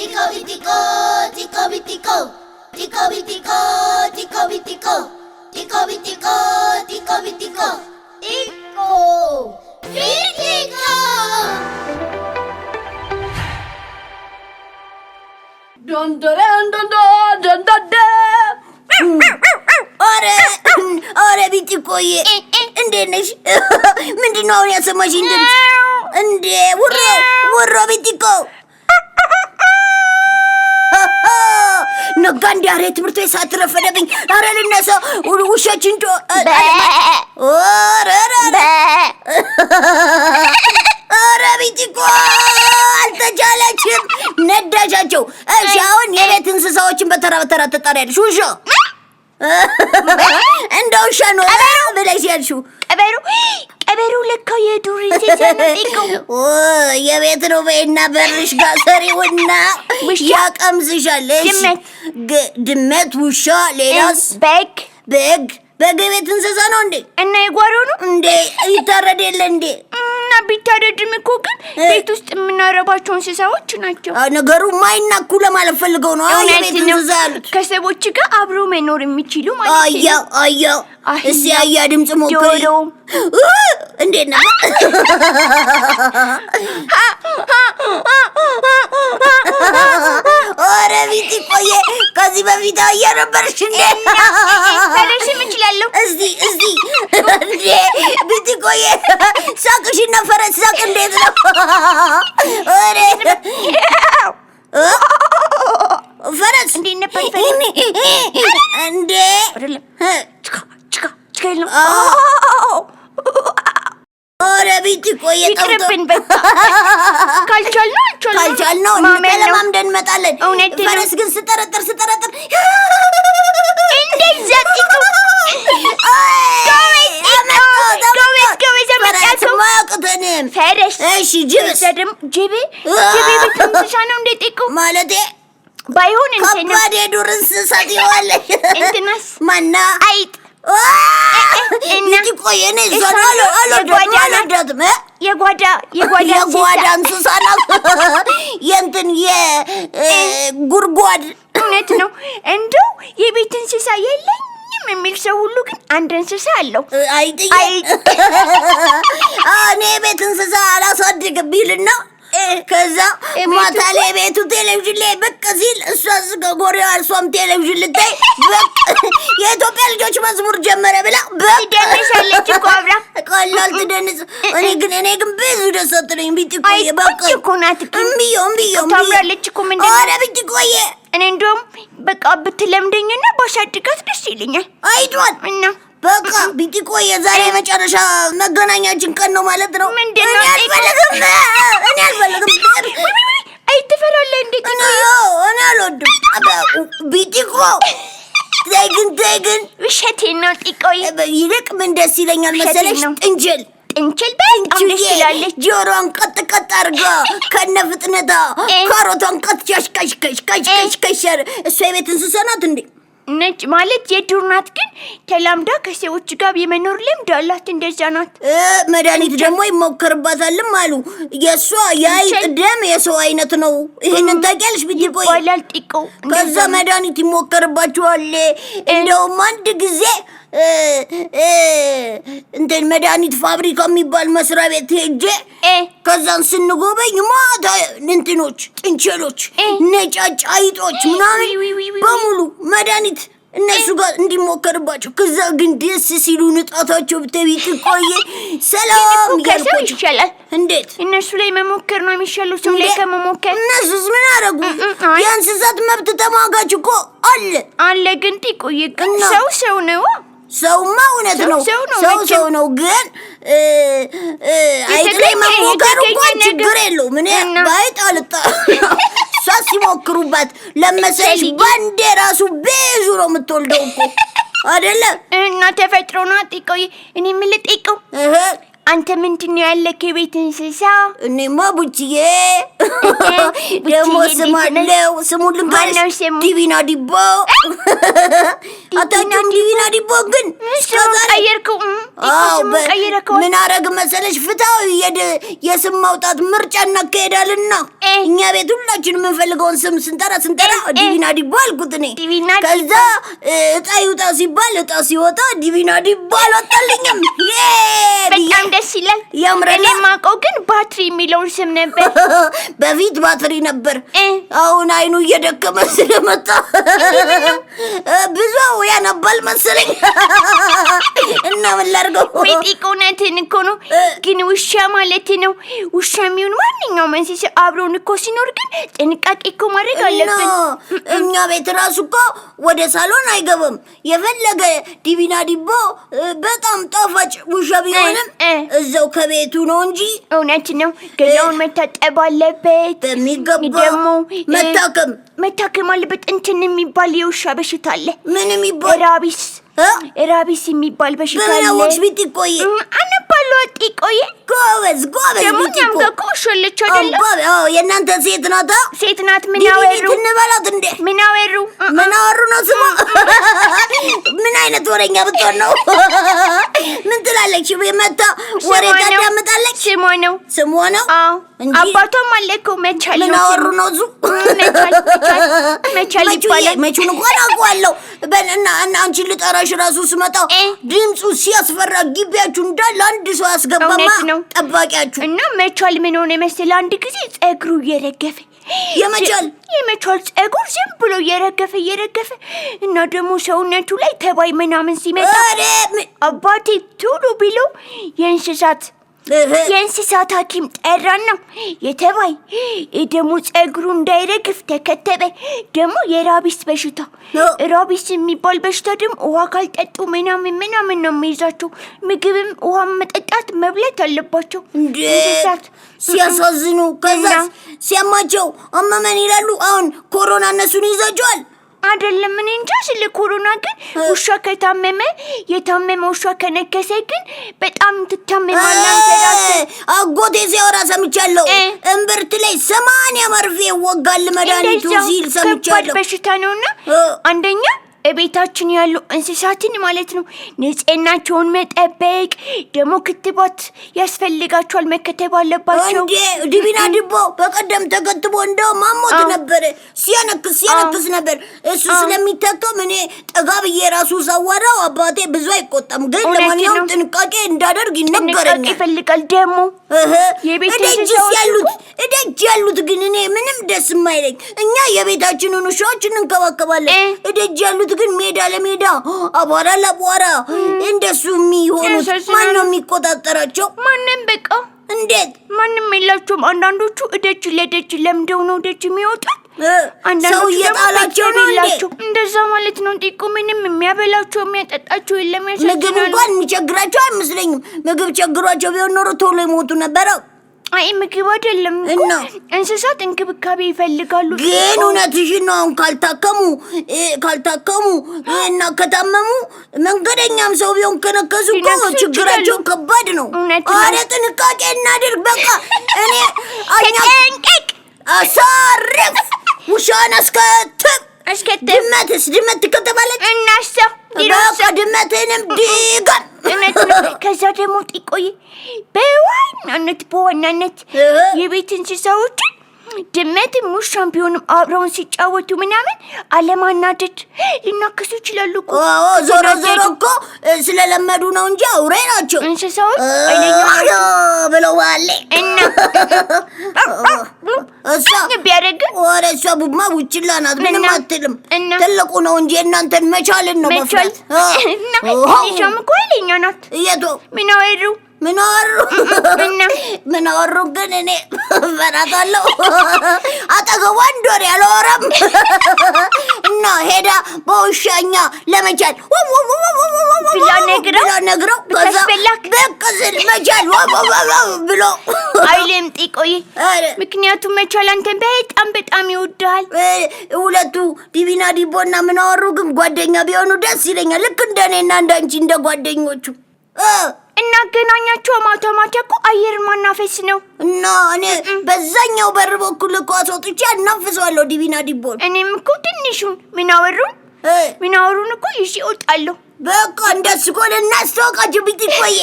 Tico vitico, tico vitico, tico vitico, tico vitico, tico vitico, tico vitico, tico vitico. Dun dun dun dun dun dun dun dun. ኧረ ኧረ ቢቲ ቆየ እንዴት ነሽ? ምንድን ነው አሁን ያሰማሽኝ ድምፅ? እንዴ ውሮ ነጋ እንዲ አሬ ትምህርት ቤት ሳትረፈደብኝ አረ ልነሰ ውሾች እንዶ ኧረ ቢቲ አልተቻለችም። ነዳሻቸው። እሺ አሁን የቤት እንስሳዎችን በተራ በተራ ትጠሪያለሽ። ውሾ እንደ ውሻ ነው ብለሽ ያልሺው ቀበሩ ለካ የዱር እንስሳ ነው። ኦ የቤት ነው በይና በርሽ ጋር ሰሪውና ውሻ ድመት፣ ውሻ፣ ሌላስ? በግ በግ በግ የቤት እንስሳ ነው እንዴ? እና የጓሮ ነው እንዴ? ይታረድ የለ እንዴ? እና ቢታደድም እኮ ግን ቤት ውስጥ የምናረባቸው እንስሳዎች ናቸው። ነገሩ ማይና ለማለት ፈልገው ነው ቤት እንስሳ ያሉት ከሰዎች ጋር አብሮ መኖር የሚችሉ ማለት ነው። አያ እስኪ አያ ድምፅ ሞክሪ። እንዴት ነው? ቆየ። ከዚህ በፊት እየነበርሽ እንዴ? እችላለሁ። እዚ እዚ እንዴ ብቲ ቆየ። ሳቅሽና ፈረስ ሳቅ እንዴት ነው? ወሬ ፈረስ እንዴት ነበር? እንዴ አይደለም ችካ ችካ ችካ ይል ነው પિચકો એ તો કલચલ નો ચલ કલચલ નો પેલા ማምደን እንመጣለን። ፈረስ ግን ስጠረጥር ስጠረጥር እንደዛ ጥቁ ማያውቅትንም ፈረስ እሺ፣ ጅብስ ጅብ ጅብ ብትንስሳ ነው እንደ ጥቁ ማለቴ ባይሆን ከባድ የዱር እንስሳት ይዋለች እንትናስ ማና አይጥ የጓዳ እንስሳ ናት። የእንትን የጉርጓድ እውነት ነው። እንደው የቤት እንስሳ የለኝ የሚል ሰው ሁሉ ግን አንድ እንስሳ አለው። አይጥ እኔ የቤት እንስሳ አላሳድግም ቢልና ከዛ ማታ ላይ ቤቱ ቴሌቪዥን ላይ ብቅ ሲል እሷ ጎሪዋ እሷም ቴሌቪዥን ልታይ የኢትዮጵያ ልጆች መዝሙር ጀመረ ብላ ትደንሳለች እኮ ቀላል ትደንስ። እኔ ግን እኔ ግን ብዙ ደስ አትለኝ። ቢጥ ቆየ በቃ ኮናት እምብዮ እምብዮ ታምራለች እኮ ምንድን ኧረ ቢጥ ቆየ እኔ እንደውም በቃ ብትለምደኝና ባሻድጋት ደስ ይለኛል። አይቷል እና Baka Bitcoin yazarına çalışan መገናኛችን ቀን ነው ማለት ነው። ምንድን ነው? አልፈልግም፣ እኔ አልፈልግም። አይተፈላለህ እንዴ? እኔ እኔ አልወድም። ቢቲኮ ተይ ግን ተይ ግን ውሸቴን ነው። ጢቆይ ይልቅ ምን ደስ ይለኛል መሰለሽ? ጥንችል ጥንችል በጣም ደስ ይላለች። ጆሮዋን ቀጥ ቀጥ አድርጋ ከነ ፍጥነታ ካሮቷን ቀጥ ሻሽከሽከሽ ከሽከሽከሽ። እሷ የቤት እንስሳ ናት እንዴ? ነጭ ማለት የዱር ናት፣ ግን ተላምዳ ከሰዎች ጋር የመኖር ልምድ አላት። እንደዛ ናት። መድኃኒት ደግሞ ይሞከርባታልም አሉ። የእሷ የአይጥ ደም የሰው አይነት ነው። ይህንን ታውቂያለሽ? ብትይ ይባላል ጢቆ። ከዛ መድኃኒት ይሞከርባቸዋል። እንደውም አንድ ጊዜ እንትን መድኃኒት ፋብሪካ የሚባል መስሪያ ቤት ሄጄ ከዛን ስንጎበኝ ማታ እንትኖች ጥንቸሎች፣ ነጫጭ አይጦች ምናምን በሙሉ መድኃኒት እነሱ ጋር እንዲሞከርባቸው ከዛ ግን ደስ ሲሉ ንጣታቸው ብትቤት ቆየ ሰላም ከሰው ይሻላል። እንዴት እነሱ ላይ መሞከር ነው የሚሻለው ሰው ላይ ከመሞከር። እነሱስ ምን አረጉ? የእንስሳት መብት ተሟጋች እኮ አለ አለ። ግን ጥቁይ ሰው ሰው ነው። ሰውማ እውነት ነው፣ ሰው ሰው ነው ግን አይጥ ላይ መሞከሩ እንኳን ችግር የለውም። እኔ በአይጥ አልጣ እሷ ሲሞክሩባት ለመሰለሽ ባንዴ ራሱ ብዙ ነው የምትወልደው እኮ አይደለ? እና ተፈጥሮ ነው። ጢቆይ እኔ የምልህ ጢቆ አንተ ምንድን ነው ያለክ የቤት እንስሳ? እኔማ ቡችዬ ደግሞ ስም አለው። ስሙን ልንገርሽ፣ ዲቢና ዲቦ አታውቂውም? ዲቢና ዲቦ ግን ቀየርከው። ምን አረግ መሰለሽ፣ ፍትሐዊ የስም ማውጣት ምርጫ እናካሄዳልና እኛ ቤት ሁላችን የምንፈልገውን ስም ስንጠራ ስንጠራ ዲቢና ዲቦ አልኩት እኔ። ከዛ እጣ ይውጣ ሲባል እጣ ሲወጣ ዲቢና ዲቦ አልወጣልኝም። የለም። እኔ የማውቀው ግን ባትሪ የሚለውን ስም ነበር። በፊት ባትሪ ነበር። አሁን አይኑ እየደከመ ስለመጣ ብዙ ያነባል መሰለኝ እና ምን ላድርገው። ጢቅ እውነትን እኮ ነው። ግን ውሻ ማለት ነው ውሻ የሚሆን ማንኛውም እንስሳ አብሮን እኮ ሲኖር ግን ጥንቃቄ እኮ ማድረግ አለብን። እኛ ቤት ራሱ እኮ ወደ ሳሎን አይገባም። የፈለገ ዲቢና ዲቦ በጣም ጣፋጭ ውሻ ቢሆንም እዛ የሚለው ከቤቱ ነው እንጂ። እውነት ነው። ገላውን መታጠብ አለበት በሚገባ መታከም መታከም አለበት። እንትን የሚባል የውሻ በሽታ አለ። ምን የሚባል ራቢስ ራቢስ የሚባል በሽታ አለ። በላዎች ቢትቆይ አነባሉ ጢቆይ ጎበዝ ጎበዝ። ደግሞ እኛም ሾለች አይደለም። የእናንተ ሴት ናት ሴት ናት። ምን አወሩ እንበላት እንዴ? ምን አወሩ ምን አወሩ ነው ስሙ። ምን አይነት ወሬኛ ብትሆን ነው? ምን ትላለች? መታ ወሬ ታዳምጣለች። ስሟ ነው ስሟ ነው። አዎ አባቷም አለ እኮ መቻል ምን አወሩ ነው መቻል ይባላል። እንኳን አውቀዋለሁ። ልጠራሽ ስመጣ ድምፁ ሲያስፈራ ግቢያችሁ እንዳለ አንድ ሰው ያስገባማ ጠባቂያችሁ እና መቻል ምን ሆነ መሰለህ አንድ ጊዜ ጸጉሩ እየረገፈ የመቻል የመቻል ጸጉር ዝም ብሎ እየረገፈ እየረገፈ እና ደግሞ ሰውነቱ ላይ ተባይ ምናምን ሲመጣ አባቴ ቶሎ ቢለው የእንስሳት የእንስሳት ሐኪም ጠራና የተባይ የደሞ ጸጉሩ እንዳይረግፍ ተከተበ። ደግሞ የራቢስ በሽታ ራቢስ የሚባል በሽታ ደግሞ ውሃ ካልጠጡ ምናምን ምናምን ነው የሚይዛቸው። ምግብም ውሃ መጠጣት መብላት አለባቸው። እንስሳት ሲያሳዝኑ፣ ከዛ ሲያማቸው አመመን ይላሉ። አሁን ኮሮና እነሱን ይዛቸዋል። አይደለም እኔ እንጃ ስለ ኮሮና ግን ውሻ ከታመመ የታመመ ውሻ ከነከሰ ግን በጣም ትታመማላ። አጎቴ ሲያወራ ሰምቻለሁ። እምብርት ላይ ሰማንያ መርፌ ይወጋል መድኃኒቱ ሲል ሰምቻለሁ። በሽታ ነውና አንደኛ እቤታችን ያሉ እንስሳትን ማለት ነው ንጽህናቸውን መጠበቅ ደግሞ ክትባት ያስፈልጋቸዋል፣ መከተብ አለባቸው። ድቢና ድቦ በቀደም ተከትቦ እንደው ማሞት ነበር ሲያነክስ ሲያነክስ ነበር። እሱ ስለሚታከም እኔ ጠጋ ብዬ ራሱ ሳዋራው አባቴ ብዙ አይቆጣም፣ ግን ለማንኛውም ጥንቃቄ እንዳደርግ ይነበረኛል። ይፈልጋል ደግሞ እደጅ ያሉት እደጅ ያሉት ግን እኔ ምንም ደስ የማይለኝ እኛ የቤታችንን ውሻዎች እንንከባከባለን። እደጅ ያሉት የሚሆኑት ግን ሜዳ ለሜዳ አቧራ ለአቧራ እንደሱ የሚሆኑት ነው የሚቆጣጠራቸው? ማንም በቃ እንዴት ማንም የላቸውም። አንዳንዶቹ እደች ለደች ለምደው ነው ደጅ የሚወጡት። ሰው እየጣላቸው ነው እንዴ? እንደዛ ማለት ነው። ጢቁ ምንም የሚያበላቸው የሚያጠጣቸው የለም። ምግብ እንኳን የሚቸግራቸው አይመስለኝም። ምግብ ቸግሯቸው ቢሆን ኖሮ ቶሎ ይሞቱ ነበረው። አይ ምግብ አይደለም እና እንስሳት እንክብካቤ ይፈልጋሉ። ግን እውነትሽን ነው። አሁን ካልታከሙ ካልታከሙ እና ከታመሙ መንገደኛም ሰው ቢሆን ከነከሱ እኮ ችግራቸው ከባድ ነው። አረ ጥንቃቄ እናድርግ። በቃ እኔ አኛ አሳርፍ ውሻን አስከትብ አሽከትም ድመትስ ድመት ትከተባለች። እናሷ በቃ ድመትንም ድጋም እውነት ከዛ ደግሞ ጥቆይ በዋናነት በዋናነት የቤት እንስሳዎች ድመት ውሻም ቢሆንም አብረውን ሲጫወቱ ምናምን አለማናደድ ሊናከሱ ይችላሉ። ዞሮ ዞሮ እኮ ስለለመዱ ነው እንጂ አውሬ ናቸው። እንስሳውን ብለዋል እና እሷ ቢያደርግ ወደ እሷ ቡማ ውችላ ናት፣ ምንም አትልም። ትልቁ ነው እንጂ እናንተን መቻልን ነው መፍራት። እሷም እኮ ኃይለኛ ናት። የቱ ምን አወሩ ምን ግን እኔ እፈራታለሁ። አጠገቧ እንዶር ያለወረም እና ሄዳ በውሻኛ ለመቻል ብላ ነግረው ከዛ ብቅ ስል መቻል ብሎ አይልም ጢቆይ። ምክንያቱም መቻል አንተን በጣም በጣም ይወድሃል። ሁለቱ ዲቢና ዲቦና ምናወሩ ግን ጓደኛ ቢሆኑ ደስ ይለኛል። ልክ እንደኔና እንዳንቺ እንደ ጓደኞቹ እናገናኛቸው። ማታ ማታ እኮ አየር ማናፈስ ነው እና እኔ በዛኛው በር በኩል እኮ አስወጥቼ አናፍሰዋለሁ። ዲቢና ዲቦን እኔም እኮ ትንሹን ምናወሩን ምናወሩን እኮ ይዤ እወጣለሁ። በቃ እንደሱ እኮ ልናስተዋውቃችሁ ቢት ቆየ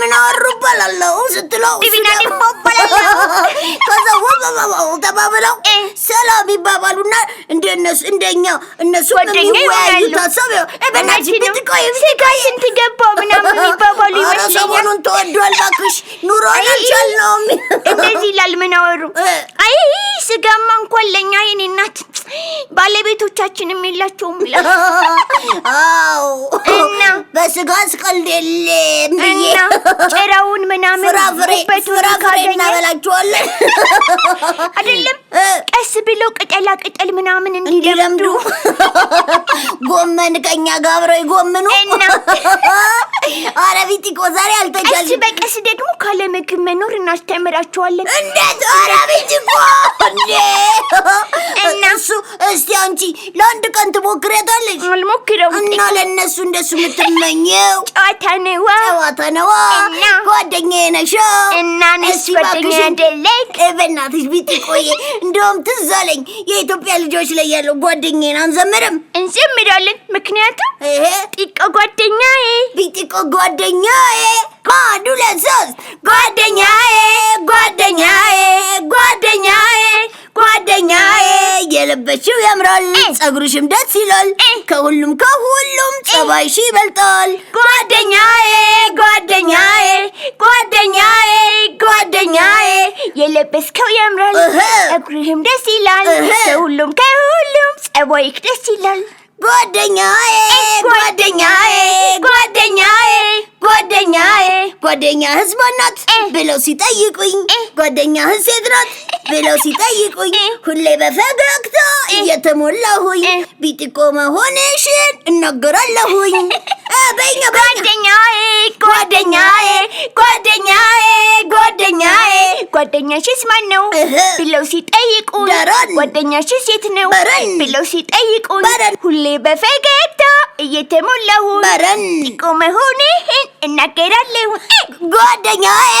ምናወሩ እባላለሁ ስትለው ዲቢና ዲቦ እባላለሁ ከዛ ወ ተባብለው ሰላም ይባባሉና እነሱ እንደኛ እነሱ የሚወያዩት ሀሳብ በናች ብትቆይ ስጋ ስንት ገባ ምናምን የሚባባሉ ይመስለኛል። ተወዷል። እባክሽ ኑሮ አልቻልነውም። እንደዚህ ይላል። ምን አወሩ? አይ ስጋማ እንኳን ለእኛ የኔ እናት ባለቤቶቻችንም የላቸውም ይላል። አዎ እና በስጋ ስቀልድ የለም ብዬ ጭራውን ምናምን ፍራፍሬ ፍራፍሬ እናበላቸዋለን አይደለም ቀስ ብለው ቅጠላ ቅጠል ምናምን እንዲለምዱ ጎመን ከኛ ጋር አብረው ይጎምኑ። ኧረ ቢቲ ዛሬ አልተቻለም። ቀስ በቀስ ደግሞ ካለ ምግብ መኖር እናስተምራቸዋለን። እንዴት? ኧረ ቢቲ እንዴ! እነሱ እስቲ አንቺ ለአንድ ቀን ትሞክሪያታለሽ? አልሞክረው እና ለእነሱ እንደሱ የምትመኘው ጨዋታ ነዋ፣ ጨዋታ ነዋ። ጓደኛዬ ነሽ እና ነሽ ጓደኛ ደለክ። በእናትሽ ቢቲ ቆየ፣ እንደውም ትዝ አለኝ የኢትዮጵያ ልጆች ላይ እያለው ጓደኛዬን አንዘምርም? እንዘምራለን። ምክንያቱም ጢቆ ጓደኛዬ ቢጢቆ ጓደኛዬ ማዱ ለሶስት ጓደኛዬ ጓደኛዬ ጓደኛዬ እየለበሽው ያምራል፣ ጸጉርሽም ደስ ይላል። ከሁሉም ከሁሉም ጸባይሽ ይበልጣል። ጓደኛዬ ጓደኛዬ ጓደኛዬ ጓደኛዬ የለበስከው ያምራል፣ ጸጉርህም ደስ ይላል። ከሁሉም ከሁሉም ጸባይክ ደስ ይላል። ጓደኛዬ ጓደኛዬ ጓደኛዬ ጓደኛዬ ጓደኛህስ ማን ናት ብለው ሲጠይቁኝ ጓደኛህስ ሴት ናት ብለው ሲጠይቁኝ ሁሌ በፈገግታ እየተሞላሁኝ ቢጢቆ መሆንሽን እናገራለሁኝ። በኛ ጓደኛዬ ጓደኛዬ ጓደኛዬ ጓደኛዬ ጓደኛሽስ ማን ነው ብለው ሲጠይቁኝ ጓደኛሽስ ሴት ነው ብለው ሲጠይቁኝ ሁሌ በፈገግታ እየተሞላሁን ቆመሁንህን እናገራለሁ ጓደኛዬ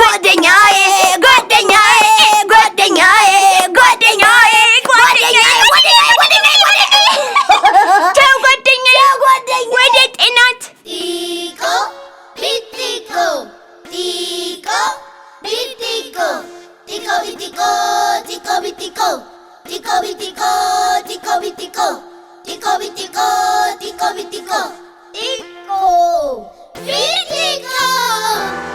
ጓደኛዬ ጓደኛዬ ጓደኛዬ ጓደኛዬ Tico, tico, tico, tico, tico, tico, tico, tico, tico. Tico, vitico, tico, vitico, tico, vitico.